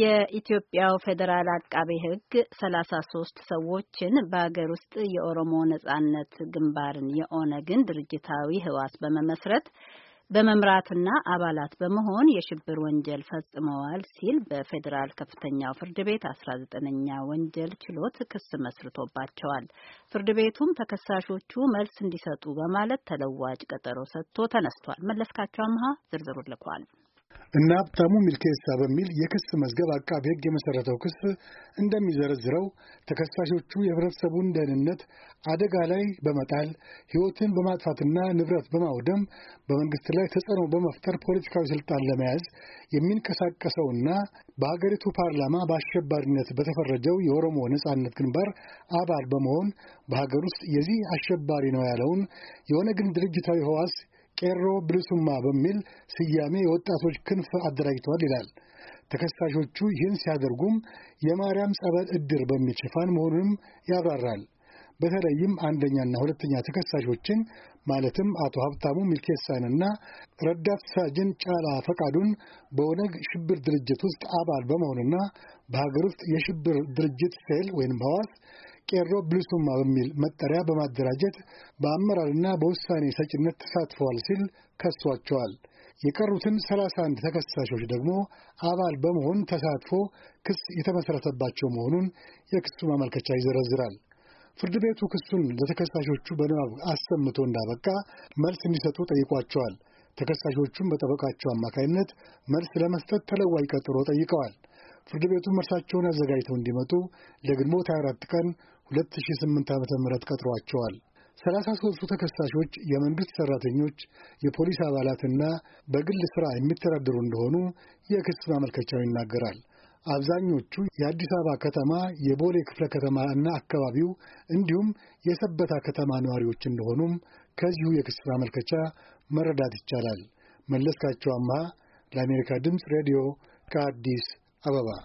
የኢትዮጵያው ፌዴራል አቃቤ ሕግ ሰላሳ ሶስት ሰዎችን በሀገር ውስጥ የኦሮሞ ነጻነት ግንባርን የኦነግን ድርጅታዊ ህዋስ በመመስረት በመምራትና አባላት በመሆን የሽብር ወንጀል ፈጽመዋል ሲል በፌዴራል ከፍተኛው ፍርድ ቤት አስራ ዘጠነኛ ወንጀል ችሎት ክስ መስርቶባቸዋል። ፍርድ ቤቱም ተከሳሾቹ መልስ እንዲሰጡ በማለት ተለዋጭ ቀጠሮ ሰጥቶ ተነስቷል። መለስካቸው አምሃ ዝርዝሩ ልኳል። እነ ሀብታሙ ሚልኬሳ በሚል የክስ መዝገብ አቃቢ ሕግ የመሠረተው ክስ እንደሚዘረዝረው ተከሳሾቹ የህብረተሰቡን ደህንነት አደጋ ላይ በመጣል ሕይወትን በማጥፋትና ንብረት በማውደም በመንግሥት ላይ ተጽዕኖ በመፍጠር ፖለቲካዊ ሥልጣን ለመያዝ የሚንቀሳቀሰውና በአገሪቱ ፓርላማ በአሸባሪነት በተፈረጀው የኦሮሞ ነጻነት ግንባር አባል በመሆን በሀገር ውስጥ የዚህ አሸባሪ ነው ያለውን የኦነግን ድርጅታዊ ህዋስ ቄሮ ብልሱማ በሚል ስያሜ የወጣቶች ክንፍ አደራጅተዋል ይላል። ተከሳሾቹ ይህን ሲያደርጉም የማርያም ጸበል ዕድር በሚል ሽፋን መሆኑንም ያብራራል። በተለይም አንደኛና ሁለተኛ ተከሳሾችን ማለትም አቶ ሀብታሙ ሚልኬሳንና ረዳት ሳጅን ጫላ ፈቃዱን በኦነግ ሽብር ድርጅት ውስጥ አባል በመሆንና በሀገር ውስጥ የሽብር ድርጅት ሴል ወይም ሐዋስ ቄሮ ብልሱማ በሚል መጠሪያ በማደራጀት በአመራርና በውሳኔ ሰጭነት ተሳትፈዋል ሲል ከሷቸዋል። የቀሩትን 31 ተከሳሾች ደግሞ አባል በመሆን ተሳትፎ ክስ የተመሠረተባቸው መሆኑን የክሱ ማመልከቻ ይዘረዝራል። ፍርድ ቤቱ ክሱን ለተከሳሾቹ በንባብ አሰምቶ እንዳበቃ መልስ እንዲሰጡ ጠይቋቸዋል። ተከሳሾቹም በጠበቃቸው አማካይነት መልስ ለመስጠት ተለዋጭ ቀጠሮ ጠይቀዋል። ፍርድ ቤቱም እርሳቸውን አዘጋጅተው እንዲመጡ ለግንቦት 24 ቀን 2008 ዓ.ም ቀጥሯቸዋል። ሰላሳ 33ቱ ተከሳሾች የመንግሥት ሠራተኞች፣ የፖሊስ አባላትና በግል ሥራ የሚተዳደሩ እንደሆኑ የክስ ማመልከቻው ይናገራል። አብዛኞቹ የአዲስ አበባ ከተማ የቦሌ ክፍለ ከተማ እና አካባቢው እንዲሁም የሰበታ ከተማ ነዋሪዎች እንደሆኑም ከዚሁ የክስ ማመልከቻ መረዳት ይቻላል። መለስካቸው አምሃ ለአሜሪካ ድምፅ ሬዲዮ ከአዲስ አበባ